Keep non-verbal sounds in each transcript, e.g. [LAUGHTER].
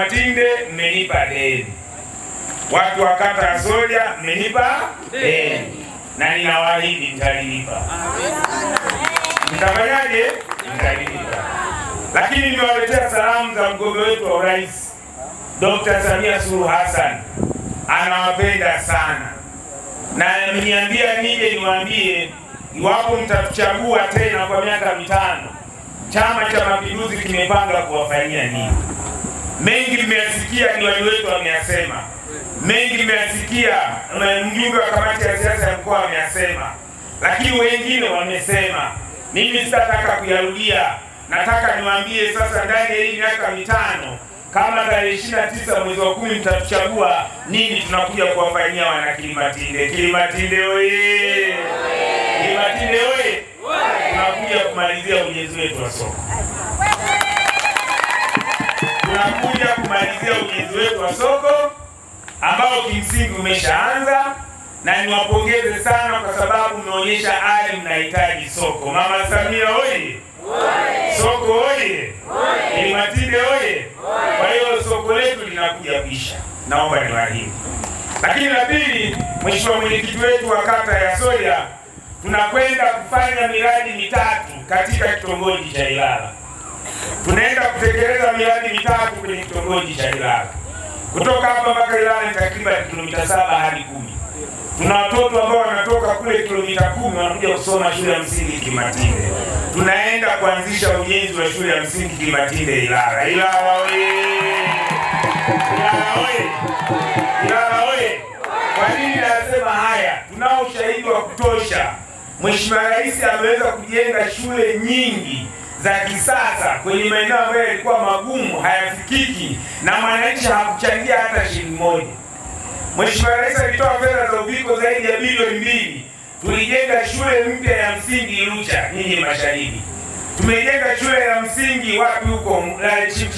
Matinde mmenipa deni, watu wa kata ya Solya mmenipa deni, na ninawaahidi mtalilipa. Mtafanyaje? Mtalilipa. Lakini nimewaletea salamu za mgombea wetu wa urais Dr. Samia Suluhu Hassan, anawapenda sana na ameniambia nije niwaambie, iwapo mtatuchagua tena kwa miaka mitano, Chama cha Mapinduzi kimepanga kuwafanyia nini. Mengi mmeyasikia, diwani wetu ameyasema, mengi mmeyasikia, mjumbe wa kamati ya siasa ya mkoa ameyasema, lakini wengine wamesema. Mimi sitataka kuyarudia, nataka niwaambie sasa, ndani ya hii miaka mitano, kama tarehe 29 mwezi wa kumi mtatuchagua, nini tunakuja kuwafanyia wana Kilimatinde. Kilimatinde oye! Kilimatinde oye! Tunakuja kumalizia ujenzi wetu wa soko tunakuja kumalizia ujenzi wetu wa soko ambao kimsingi umeshaanza, na niwapongeze sana kwa sababu mmeonyesha ari, mnahitaji soko. Mama Samia oye! Soko oye! elimatinde oye! Kwa hiyo soko letu linakuja kuisha, naomba niwahidi. Lakini la pili, mheshimiwa mwenyekiti wetu wa kata ya soya tunakwenda kufanya miradi mitatu katika kitongoji cha Ilala tunaenda kutekeleza miradi mitatu kwenye kitongoji cha Ilala. Kutoka hapa mpaka Ilala ni takriban kilomita saba hadi kumi. Tuna watoto ambao wanatoka kule kilomita kumi wanakuja kusoma shule ya msingi Kimatinde. Tunaenda kuanzisha ujenzi wa shule ya msingi Kimatinde Ilala. Ilala oye! Ilala oye! Ilala oye! Kwa nini nasema haya? Tunao ushahidi wa kutosha. Mheshimiwa Rais ameweza kujenga shule nyingi za kisasa kwenye maeneo ambayo yalikuwa magumu, hayafikiki na mwananchi hakuchangia hata shilingi moja. Mheshimiwa Rais alitoa fedha za uviko zaidi ya bilioni mbili. Tulijenga shule mpya ya msingi Lucha nyinyi mashahidi. tumejenga shule ya msingi wapi huko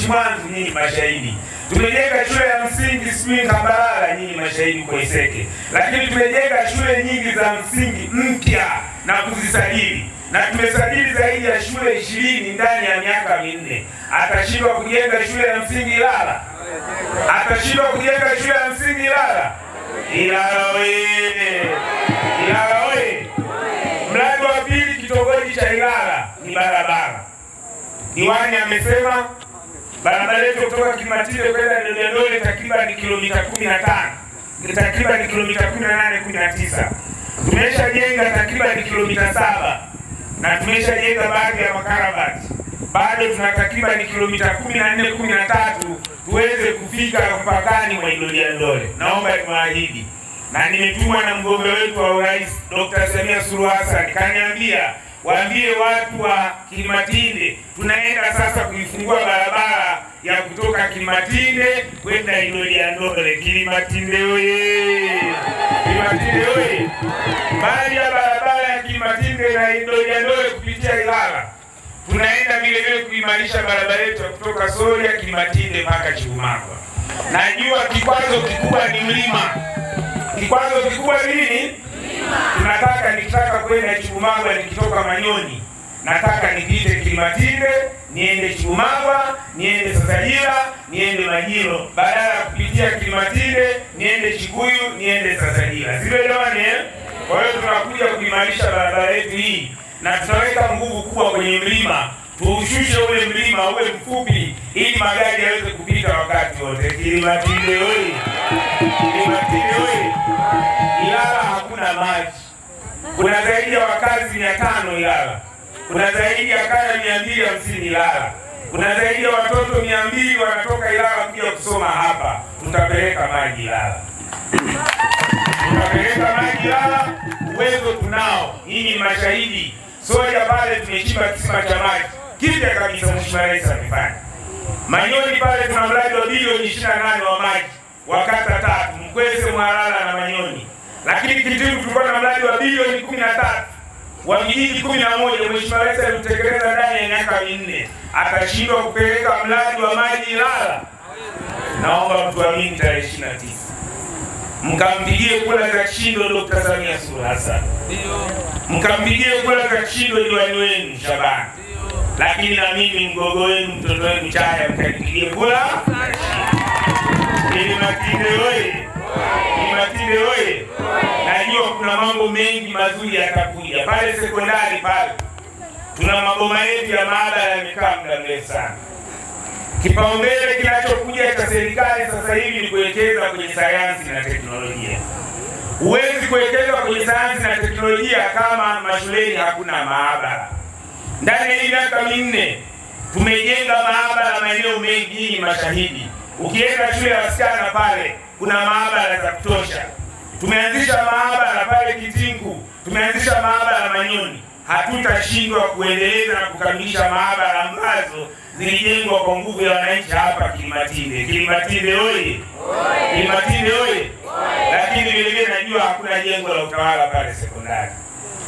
Chimwanzu nyinyi mashahidi. tumejenga shule ya msingi sijui Kambarara nyinyi mashahidi kwa Iseke, lakini tumejenga shule nyingi za msingi mpya na kuzisajili na tumesajili zaidi ya shule ishirini ndani ya miaka minne. Atashindwa kujenga shule ya msingi Ilala? Atashindwa kujenga shule ya msingi Ilala? Ilala wee! Ilala wee! Mradi wa pili kitongoji cha Ilala ni barabara. Diwani amesema barabara yetu kutoka Kimatile kwenda Ndondole takriban kilomita 15 takriban kilomita 18 19 tumeshajenga takriban kilomita saba na tumeshajenga baadhi ya makarabati, bado tuna takribani kilomita kumi na nne kumi na tatu tuweze kufika mpakani mwa Ilolia Ndole. Naomba niwaahidi, na nimetumwa na mgombea wetu wa urais Dr. Samia Suluhu Hassan, kaniambia waambie watu wa Kilimatinde tunaenda sasa kuifungua barabara ya kutoka Kilimatinde kwenda Ilolia Ndole. Kilimatinde oye! Kilimatinde oye! bali ya barabara Matinde na Ndolyandoe kupitia Ilala. Tunaenda vile vile kuimarisha barabara yetu ya kutoka soria Kimatinde mpaka Chiumakwa. Najua kikwazo kikubwa ni mlima. Kikwazo kikubwa ni nini? Tunataka, nikitaka kwenda Chiumakwa nikitoka Manyoni, nataka nipite Kimatinde niende Chibumangwa, niende Sasajira, niende Majiro, badala ya kupitia Kilimatinde, niende Chikuyu, niende Sasajira. Sielewane? Eh? Kwa hiyo tunakuja kuimarisha barabara yetu hii na tutaweka nguvu kubwa kwenye mlima, tuushushe ule mlima uwe mfupi, ili magari yaweze kupita wakati wote. Kilimatinde oye! Kilimatinde oye! Ilala hakuna maji, kuna zaidi ya wakazi mia tano Ilala kuna zaidi ya kaya mia mbili hamsini Ilala, kuna zaidi ya watoto mia mbili wanatoka Ilala kuja kusoma hapa. Tutapeleka maji Ilala, tutapeleka maji Ilala. Uwezo tunao, ni mashahidi. Soja pale tumechimba kisima cha maji kipya kabisa, mheshimiwa rais amefanya. Manyoni pale tuna mradi wa bilioni ishirini na nane wa maji wa kata tatu, Mkwese, Mwarala na Manyoni, lakini Kitimu tulikuwa na mradi wa bilioni kumi na tatu wa vijiji kumi na moja Mheshimiwa Rais alitekeleza ndani ya miaka minne, akashindwa kupeleka mradi wa maji Ilala. Naomba mtuamini, tarehe ishirini na tisa mkampigie kula za kishindo Dkt. Samia Suluhu Hassan, mkampigie kula za kishindo diwani wenu Shabani, lakini na mimi mgogo wenu mtoto wenu Chaya, mkaipigie kula ili Matinde oye! Ili Matinde oye! kuna mambo mengi mazuri yatakuja pale sekondari pale. Tuna maboma yetu ya maabara yamekaa muda mrefu sana. Kipaumbele kinachokuja cha serikali sasa hivi ni kuwekeza kwenye sayansi na teknolojia. Huwezi kuwekeza kwenye sayansi na teknolojia kama mashuleni hakuna maabara. Ndani ya hii miaka minne tumejenga maabara maeneo mengi, mashahidi. Ukienda shule ya wasichana pale kuna maabara za kutosha. Tumeanzisha maabara pale Kitingu, tumeanzisha maabara Manyoni. Hatutashindwa kuendeleza na kukamilisha maabara ambazo zilijengwa kwa nguvu ya wananchi hapa Kilimatinde. Kilimatinde oye! Kilimatinde oye! Lakini vile vile najua hakuna jengo la utawala pale sekondari.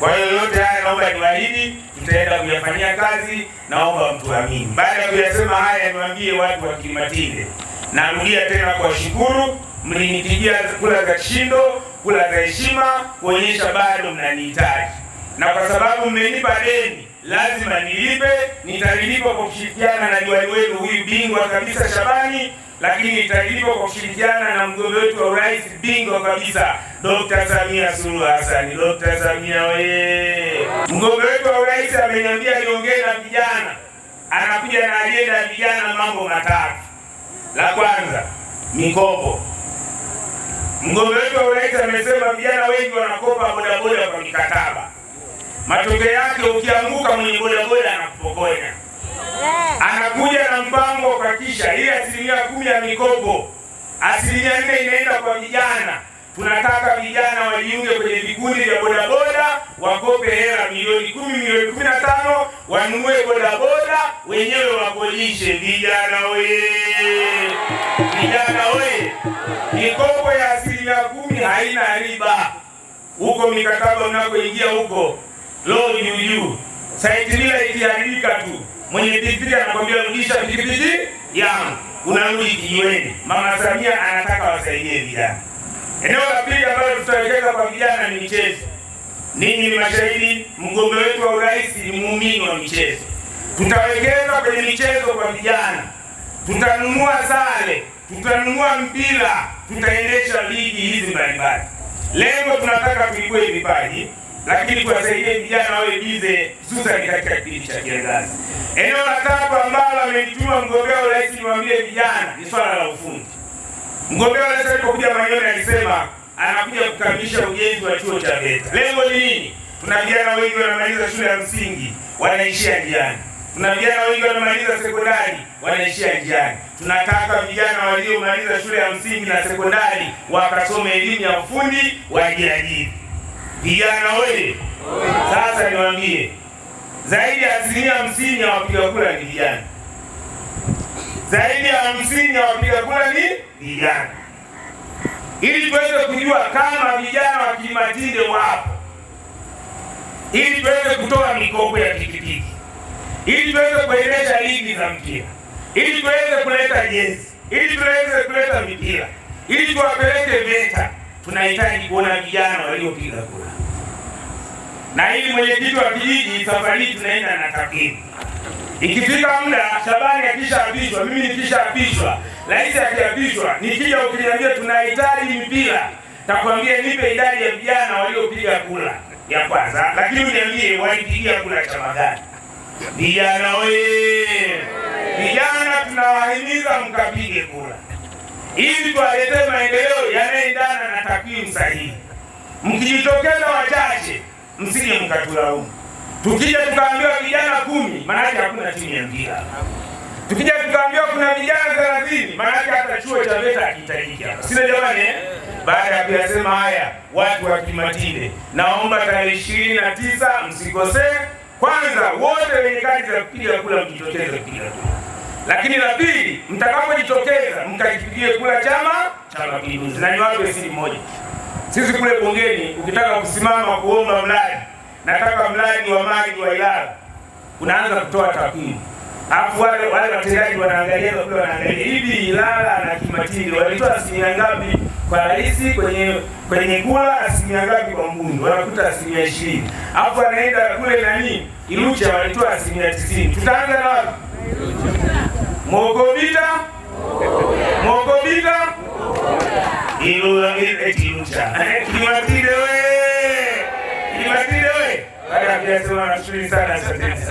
Kwa hiyo yote haya naomba niwaahidi tutaenda kuyafanyia kazi, naomba mtuamini. Baada ya kuyasema haya, niwaambie watu wa Kilimatinde, narudia tena kuwashukuru mlinitijia kula za kishindo, kula za heshima, kuonyesha bado mnanihitaji, na kwa sababu mmenipa deni lazima nilipe. Nitalilipa kwa kushirikiana na diwani wenu huyu bingwa kabisa Shabani, lakini nitalilipa kwa kushirikiana na mgombea wetu wa urais bingwa kabisa Dr. Samia Suluhu Hassan. Dr. Samia we, mgombea wetu wa urais ameniambia niongee na vijana, anakuja na ajenda ya vijana, mambo matatu. La kwanza mikopo Mgombea wetu wa urais amesema vijana wengi wanakopa bodaboda kwa mikataba. Matokeo yake ukianguka, mwenye bodaboda anakupokonya, eh. anakuja na mpango wa kuhakikisha ile asilimia kumi ya mikopo, asilimia nne inaenda kwa vijana. Tunataka vijana wajiunge kwenye vikundi vya bodaboda, wakope hela milioni kumi, milioni kumi na tano wanunue bodaboda wenyewe wakodishe. Vijana oye! Vijana oye! Mikopo ya asilimia kumi haina riba huko, mikataba mnakoingia huko loo juu juu, saiti bila ikiharibika tu mwenye pikipiki anakwambia rudisha pikipiki yangu, unarudi kinyweni. Mama Samia anataka wasaidie vijana. Eneo la pili ambalo tutawekeza kwa vijana ni michezo. Ninyi ni mashahidi, mgombea wetu wa urais ni muumini wa michezo. Tutawekeza kwenye michezo kwa vijana, tutanunua sare, tutanunua mpira, tutaendesha ligi hizi mbalimbali. Lengo tunataka tuibue vipaji, lakini kuwasaidia vijana wawe bize, hususani katika kipindi cha kiangazi. Eneo la tatu ambalo amenituma mgombea wa urais niwaambie vijana ni swala la ufundi. Mgombea wa urais alipokuja maeneo alisema anakuja kukamilisha ujenzi wa chuo cha VETA. Lengo ni nini? Tuna vijana wengi wanamaliza shule ya msingi wanaishia njiani, tuna vijana wengi wanamaliza sekondari wanaishia njiani. Tunataka vijana waliomaliza shule ya msingi na sekondari wakasome elimu ya ufundi, wajiajiri. Vijana oye! Sasa niwaambie, zaidi ya asilimia hamsini ya wapiga kura ni vijana, zaidi ya hamsini ya wapiga kura ni vijana ili tuweze kujua kama vijana wa Kilimatinde wapo, ili tuweze kutoa mikopo ya pikipiki, ili tuweze kuendesha ligi za mpira, ili tuweze kuleta jezi, ili tuweze kuleta mipira, ili tuwapeleke VETA. Tunahitaji kuona vijana waliopiga kura, na ili mwenyekiti wa kijiji, safari hii tunaenda na takwimu. Ikifika muda Shabani akishaapishwa, mimi nikishaapishwa rais akiapishwa, nikija ukiniambia tunahitaji mpira, takwambia nipe idadi ya vijana waliopiga kula ya kwanza, lakini uniambie walipigia kula chama gani? Vijana wee, vijana tunawahimiza mkapige kula ili tuwaletee maendeleo yanayoendana na takwimu sahihi. Mkijitokeza wachache, msije mkatulaumu. Tukija tukaambiwa vijana kumi, maanake hakuna timu ya mpira. Tukija tukaambiwa kuna vijana thelathini, maanake hata chuo cha VETA hakihitajiki hapa, sina jamani. Eh? Baada ya kuyasema haya, watu wa Kimatinde, naomba tarehe ishirini na tisa msikosee. Kwanza wote wenye kadi za kupiga kula mjitokeze kupiga kula, lakini la pili, mtakapojitokeza mkajipigie kula Chama cha Mapinduzi. Na niwape siri moja, sisi kule bungeni, ukitaka kusimama kuomba mradi, nataka mradi wa maji wa Ilala, unaanza kutoa takwimu Alafu wale wale watendaji wanaangalia wakiwa wanaangalia hivi Ilala na Kimatili walitoa asilimia ngapi kwa rais kwenye kwenye kula, asilimia ngapi kwa mbunge, wanakuta asilimia ishirini. Alafu anaenda kule nani Ilucha walitoa asilimia tisini. Tutaanza na wapi? Mogobita, Mogobita, Ilula eti Ilucha, [LAUGHS] Kimatili wewe, Kimatili wewe. Baada ya kusema nashukuru sana, asante.